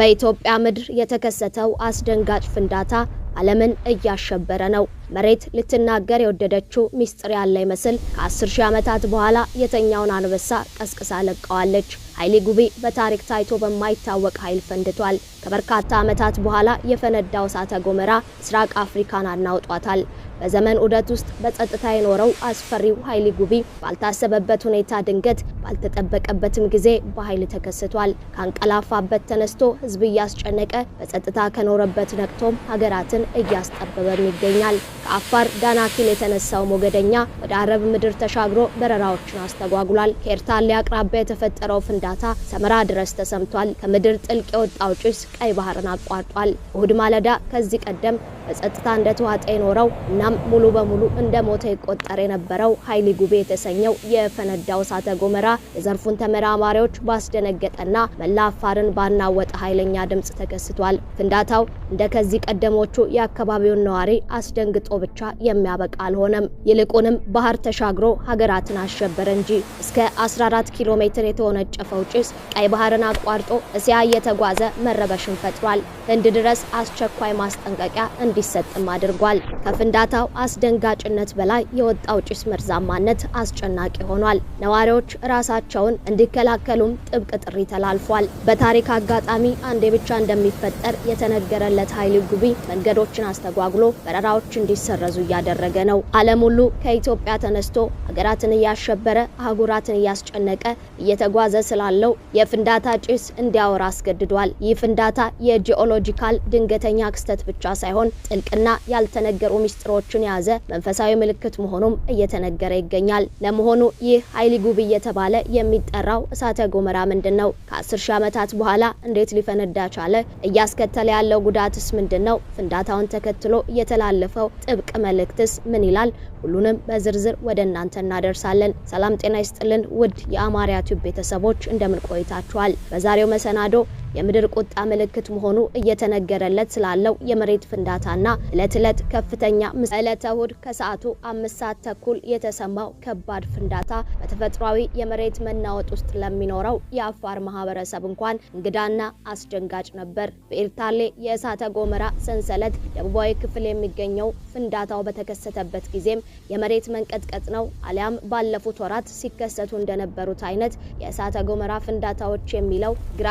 በኢትዮጵያ ምድር የተከሰተው አስደንጋጭ ፍንዳታ ዓለምን እያሸበረ ነው። መሬት ልትናገር የወደደችው ሚስጥር ያለ ይመስል ከ10 ሺህ ዓመታት በኋላ የተኛውን አንበሳ ቀስቅሳ ለቀዋለች። ኃይሌ ጉቢ በታሪክ ታይቶ በማይታወቅ ኃይል ፈንድቷል። ከበርካታ ዓመታት በኋላ የፈነዳው እሳተ ገሞራ ምስራቅ አፍሪካን አናውጧታል። በዘመን ዑደት ውስጥ በጸጥታ የኖረው አስፈሪው ኃይሌ ጉቢ ባልታሰበበት ሁኔታ ድንገት ባልተጠበቀበትም ጊዜ በኃይል ተከስቷል። ከአንቀላፋበት ተነስቶ ሕዝብ እያስጨነቀ በጸጥታ ከኖረበት ነቅቶም ሀገራትን እያስጠበበም ይገኛል። ከአፋር ዳናኪል የተነሳው ሞገደኛ ወደ አረብ ምድር ተሻግሮ በረራዎችን አስተጓጉሏል። ከኤርታሌ አቅራቢያ የተፈጠረው ፍንዳታ ሰመራ ድረስ ተሰምቷል። ከምድር ጥልቅ የወጣው ጭስ ቀይ ባህርን አቋርጧል። እሁድ ማለዳ ከዚህ ቀደም በጸጥታ እንደተዋጠ የኖረው እናም ሙሉ በሙሉ እንደ ሞተ ይቆጠር የነበረው ሀይሊ ጉቤ የተሰኘው የፈነዳው እሳተ ጎመራ የዘርፉን ተመራማሪዎች ባስደነገጠና መላ አፋርን ባናወጠ ኃይለኛ ድምፅ ተከስቷል። ፍንዳታው እንደ ከዚህ ቀደሞቹ የአካባቢውን ነዋሪ አስደንግጦ ተቀምጦ ብቻ የሚያበቃ አልሆነም። ይልቁንም ባህር ተሻግሮ ሀገራትን አሸበረ እንጂ። እስከ 14 ኪሎ ሜትር የተወነጨፈው ጭስ ቀይ ባህርን አቋርጦ እስያ እየተጓዘ መረበሽን ፈጥሯል። ህንድ ድረስ አስቸኳይ ማስጠንቀቂያ እንዲሰጥም አድርጓል። ከፍንዳታው አስደንጋጭነት በላይ የወጣው ጭስ መርዛማነት አስጨናቂ ሆኗል። ነዋሪዎች ራሳቸውን እንዲከላከሉም ጥብቅ ጥሪ ተላልፏል። በታሪክ አጋጣሚ አንዴ ብቻ እንደሚፈጠር የተነገረለት ኃይል ጉቢ መንገዶችን አስተጓጉሎ በረራዎች እንዲ እንዲሰረዙ እያደረገ ነው። አለም ሁሉ ከኢትዮጵያ ተነስቶ ሀገራትን እያሸበረ አህጉራትን እያስጨነቀ እየተጓዘ ስላለው የፍንዳታ ጭስ እንዲያወራ አስገድዷል። ይህ ፍንዳታ የጂኦሎጂካል ድንገተኛ ክስተት ብቻ ሳይሆን ጥልቅና ያልተነገሩ ሚስጥሮችን የያዘ መንፈሳዊ ምልክት መሆኑም እየተነገረ ይገኛል። ለመሆኑ ይህ ሀይሊ ጉብ እየተባለ የሚጠራው እሳተ ጎመራ ምንድን ነው? ከ10 ሺህ ዓመታት በኋላ እንዴት ሊፈነዳ ቻለ? እያስከተለ ያለው ጉዳትስ ምንድን ነው? ፍንዳታውን ተከትሎ የተላለፈው ጥብቅ መልእክትስ ምን ይላል? ሁሉንም በዝርዝር ወደ እናንተ እናደርሳለን። ሰላም ጤና ይስጥልን ውድ የአማርያ ቲዩብ ቤተሰቦች እንደምን ቆይታችኋል? በዛሬው መሰናዶ የምድር ቁጣ ምልክት መሆኑ እየተነገረለት ስላለው የመሬት ፍንዳታና እለት እለት ከፍተኛ እለተ እሁድ ከሰዓቱ አምስት ሰዓት ተኩል የተሰማው ከባድ ፍንዳታ በተፈጥሯዊ የመሬት መናወጥ ውስጥ ለሚኖረው የአፋር ማህበረሰብ እንኳን እንግዳና አስደንጋጭ ነበር። በኤርታሌ የእሳተ ገሞራ ሰንሰለት ደቡባዊ ክፍል የሚገኘው ፍንዳታው በተከሰተበት ጊዜም የመሬት መንቀጥቀጥ ነው አሊያም ባለፉት ወራት ሲከሰቱ እንደነበሩት አይነት የእሳተ ገሞራ ፍንዳታዎች የሚለው ግራ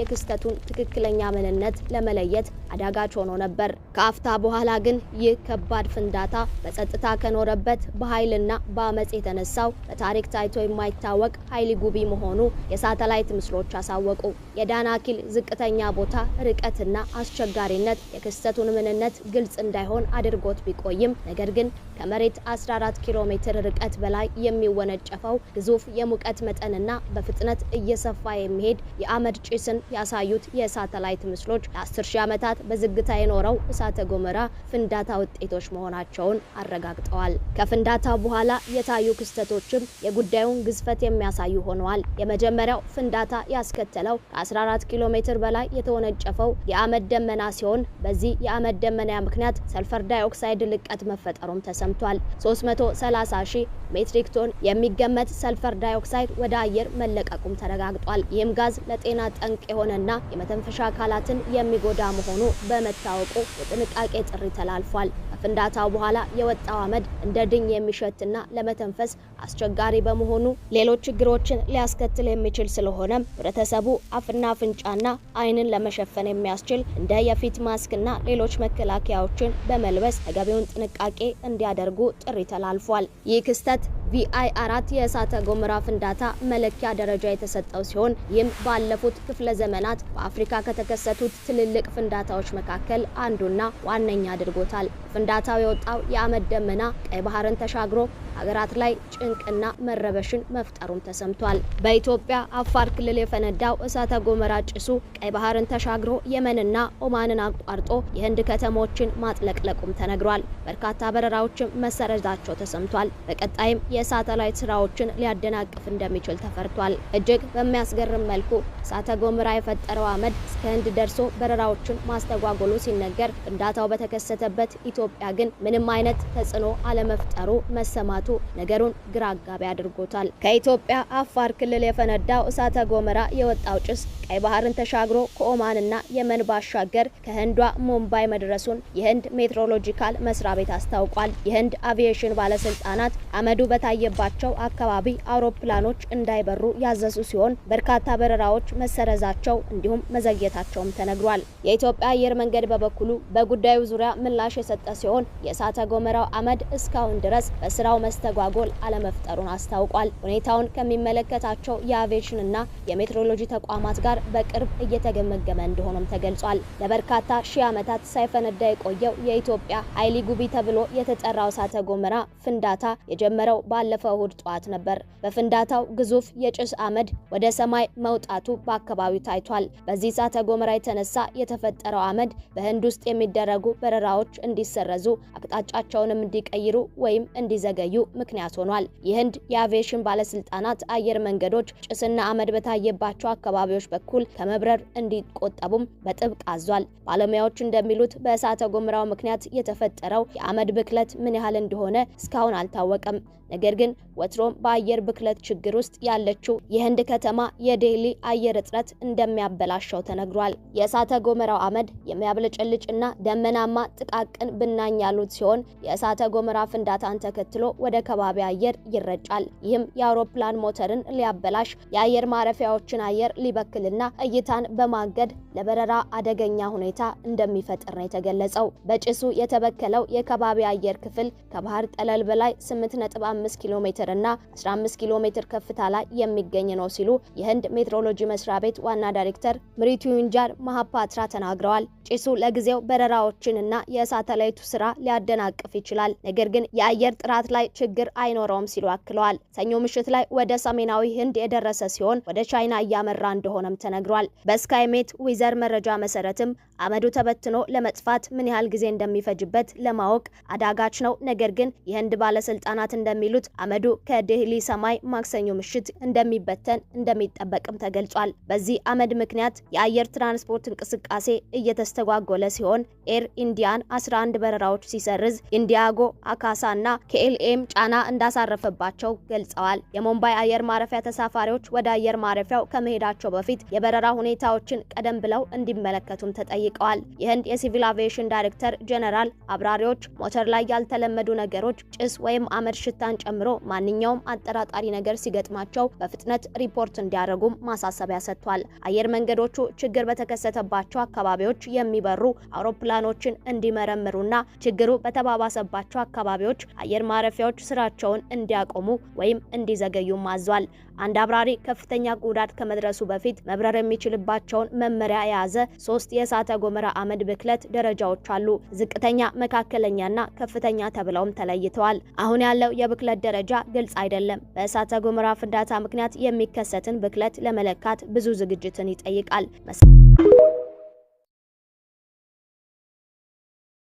የክስተቱን ትክክለኛ ምንነት ለመለየት አዳጋች ሆኖ ነበር። ከአፍታ በኋላ ግን ይህ ከባድ ፍንዳታ በጸጥታ ከኖረበት በኃይልና በአመፅ የተነሳው በታሪክ ታይቶ የማይታወቅ ኃይሊ ጉቢ መሆኑ የሳተላይት ምስሎች አሳወቁ። የዳናኪል ዝቅተኛ ቦታ ርቀትና አስቸጋሪነት የክስተቱን ምንነት ግልጽ እንዳይሆን አድርጎት ቢቆይም ነገር ግን ከመሬት 14 ኪሎ ሜትር ርቀት በላይ የሚወነጨፈው ግዙፍ የሙቀት መጠንና በፍጥነት እየሰፋ የሚሄድ የአመድ ጭስን ያሳዩት የሳተላይት ምስሎች ለ10 ሺህ ዓመታት በዝግታ የኖረው የእሳተ ጎመራ ፍንዳታ ውጤቶች መሆናቸውን አረጋግጠዋል። ከፍንዳታ በኋላ የታዩ ክስተቶችም የጉዳዩን ግዝፈት የሚያሳዩ ሆነዋል። የመጀመሪያው ፍንዳታ ያስከተለው ከ14 ኪሎ ሜትር በላይ የተወነጨፈው የአመድ ደመና ሲሆን በዚህ የአመድ ደመና ምክንያት ሰልፈር ዳይኦክሳይድ ልቀት መፈጠሩም ተሰምቷል። 330 ሺህ ሜትሪክ ቶን የሚገመት ሰልፈር ዳይኦክሳይድ ወደ አየር መለቀቁም ተረጋግጧል። ይህም ጋዝ ለጤና ጠንቅ የሆነና የመተንፈሻ አካላትን የሚጎዳ መሆኑ በመታወቁ የጥንቃቄ ጥሪ ተላልፏል። ከፍንዳታው በኋላ የወጣው አመድ እንደ ድኝ የሚሸትና ለመተንፈስ አስቸጋሪ በመሆኑ ሌሎች ችግሮችን ሊያስከትል የሚችል ስለሆነም ህብረተሰቡ አፍና አፍንጫና አይንን ለመሸፈን የሚያስችል እንደ የፊት ማስክና ሌሎች መከላከያዎችን በመልበስ ተገቢውን ጥንቃቄ እንዲያደርጉ ጥሪ ተላልፏል። ይህ ክስተት ቪአይ አራት የእሳተ ጎመራ ፍንዳታ መለኪያ ደረጃ የተሰጠው ሲሆን ይህም ባለፉት ክፍለ ዘመናት በአፍሪካ ከተከሰቱት ትልልቅ ፍንዳታዎች መካከል አንዱና ዋነኛ አድርጎታል። ፍንዳታው የወጣው የአመድ ደመና ቀይ ባህርን ተሻግሮ ሀገራት ላይ ጭንቅና መረበሽን መፍጠሩም ተሰምቷል። በኢትዮጵያ አፋር ክልል የፈነዳው እሳተ ጎመራ ጭሱ ቀይ ባህርን ተሻግሮ የመንና ኦማንን አቋርጦ የህንድ ከተሞችን ማጥለቅለቁም ተነግሯል። በርካታ በረራዎችም መሰረዛቸው ተሰምቷል። በቀጣይም የሳተላይት ስራዎችን ሊያደናቅፍ እንደሚችል ተፈርቷል። እጅግ በሚያስገርም መልኩ እሳተ ገሞራ የፈጠረው አመድ እስከ ህንድ ደርሶ በረራዎችን ማስተጓጎሉ ሲነገር ፍንዳታው በተከሰተበት ኢትዮጵያ ግን ምንም አይነት ተጽዕኖ አለመፍጠሩ መሰማቱ ነገሩን ግራ አጋቢ አድርጎታል። ከኢትዮጵያ አፋር ክልል የፈነዳው እሳተ ገሞራ የወጣው ጭስ ቀይ ባህርን ተሻግሮ ከኦማንና የመን ባሻገር ከህንዷ ሙምባይ መድረሱን የህንድ ሜትሮሎጂካል መስሪያ ቤት አስታውቋል። የህንድ አቪዬሽን ባለስልጣናት አመዱ በታ የታየባቸው አካባቢ አውሮፕላኖች እንዳይበሩ ያዘዙ ሲሆን በርካታ በረራዎች መሰረዛቸው እንዲሁም መዘግየታቸውም ተነግሯል። የኢትዮጵያ አየር መንገድ በበኩሉ በጉዳዩ ዙሪያ ምላሽ የሰጠ ሲሆን የእሳተ ገሞራው አመድ እስካሁን ድረስ በስራው መስተጓጎል አለመፍጠሩን አስታውቋል። ሁኔታውን ከሚመለከታቸው የአቪዬሽንና የሜትሮሎጂ ተቋማት ጋር በቅርብ እየተገመገመ እንደሆነም ተገልጿል። ለበርካታ ሺህ ዓመታት ሳይፈነዳ የቆየው የኢትዮጵያ ሀይሊ ጉቢ ተብሎ የተጠራው እሳተ ገሞራ ፍንዳታ የጀመረው ባለፈው እሁድ ጠዋት ነበር። በፍንዳታው ግዙፍ የጭስ አመድ ወደ ሰማይ መውጣቱ በአካባቢው ታይቷል። በዚህ እሳተ ገሞራ የተነሳ የተፈጠረው አመድ በህንድ ውስጥ የሚደረጉ በረራዎች እንዲሰረዙ አቅጣጫቸውንም እንዲቀይሩ ወይም እንዲዘገዩ ምክንያት ሆኗል። የህንድ የአቪዬሽን ባለስልጣናት አየር መንገዶች ጭስና አመድ በታየባቸው አካባቢዎች በኩል ከመብረር እንዲቆጠቡም በጥብቅ አዟል። ባለሙያዎች እንደሚሉት በእሳተ ገሞራው ምክንያት የተፈጠረው የአመድ ብክለት ምን ያህል እንደሆነ እስካሁን አልታወቀም። ነገር ነገር ግን ወትሮም በአየር ብክለት ችግር ውስጥ ያለችው የህንድ ከተማ የዴሊ አየር እጥረት እንደሚያበላሸው ተነግሯል። የእሳተ ጎመራው አመድ የሚያብለጨልጭና ደመናማ ጥቃቅን ብናኝ ያሉት ሲሆን የእሳተ ጎመራ ፍንዳታን ተከትሎ ወደ ከባቢ አየር ይረጫል። ይህም የአውሮፕላን ሞተርን ሊያበላሽ፣ የአየር ማረፊያዎችን አየር ሊበክልና እይታን በማገድ ለበረራ አደገኛ ሁኔታ እንደሚፈጥር ነው የተገለጸው። በጭሱ የተበከለው የከባቢ አየር ክፍል ከባህር ጠለል በላይ 8.5 15 ኪሎ ሜትር እና 15 ኪሎ ሜትር ከፍታ ላይ የሚገኝ ነው ሲሉ የህንድ ሜትሮሎጂ መስሪያ ቤት ዋና ዳይሬክተር ምሪቱ ዩንጃር ማሃፓትራ ተናግረዋል። ጭሱ ለጊዜው በረራዎችንና የሳተላይቱ ስራ ሊያደናቅፍ ይችላል፣ ነገር ግን የአየር ጥራት ላይ ችግር አይኖረውም ሲሉ አክለዋል። ሰኞ ምሽት ላይ ወደ ሰሜናዊ ህንድ የደረሰ ሲሆን ወደ ቻይና እያመራ እንደሆነም ተነግሯል። በስካይሜት ዊዘር መረጃ መሰረትም አመዱ ተበትኖ ለመጥፋት ምን ያህል ጊዜ እንደሚፈጅበት ለማወቅ አዳጋች ነው። ነገር ግን የህንድ ባለስልጣናት እንደሚሉት ያሉት። አመዱ ከዴህሊ ሰማይ ማክሰኞ ምሽት እንደሚበተን እንደሚጠበቅም ተገልጿል። በዚህ አመድ ምክንያት የአየር ትራንስፖርት እንቅስቃሴ እየተስተጓጎለ ሲሆን ኤር ኢንዲያን 11 በረራዎች ሲሰርዝ ኢንዲያጎ፣ አካሳ እና ኬኤልኤም ጫና እንዳሳረፈባቸው ገልጸዋል። የሞምባይ አየር ማረፊያ ተሳፋሪዎች ወደ አየር ማረፊያው ከመሄዳቸው በፊት የበረራ ሁኔታዎችን ቀደም ብለው እንዲመለከቱም ተጠይቀዋል። የህንድ የሲቪል አቪዬሽን ዳይሬክተር ጄኔራል አብራሪዎች ሞተር ላይ ያልተለመዱ ነገሮች፣ ጭስ ወይም አመድ ሽታን ጨምሮ ማንኛውም አጠራጣሪ ነገር ሲገጥማቸው በፍጥነት ሪፖርት እንዲያደርጉም ማሳሰቢያ ሰጥቷል። አየር መንገዶቹ ችግር በተከሰተባቸው አካባቢዎች የሚበሩ አውሮፕላኖችን እንዲመረምሩና ችግሩ በተባባሰባቸው አካባቢዎች አየር ማረፊያዎች ስራቸውን እንዲያቆሙ ወይም እንዲዘገዩ አዟል። አንድ አብራሪ ከፍተኛ ጉዳት ከመድረሱ በፊት መብረር የሚችልባቸውን መመሪያ የያዘ ሶስት የእሳተ ገሞራ አመድ ብክለት ደረጃዎች አሉ። ዝቅተኛ፣ መካከለኛና ከፍተኛ ተብለውም ተለይተዋል። አሁን ያለው የብክለት ደረጃ ግልጽ አይደለም። በእሳተ ገሞራ ፍንዳታ ምክንያት የሚከሰትን ብክለት ለመለካት ብዙ ዝግጅትን ይጠይቃል።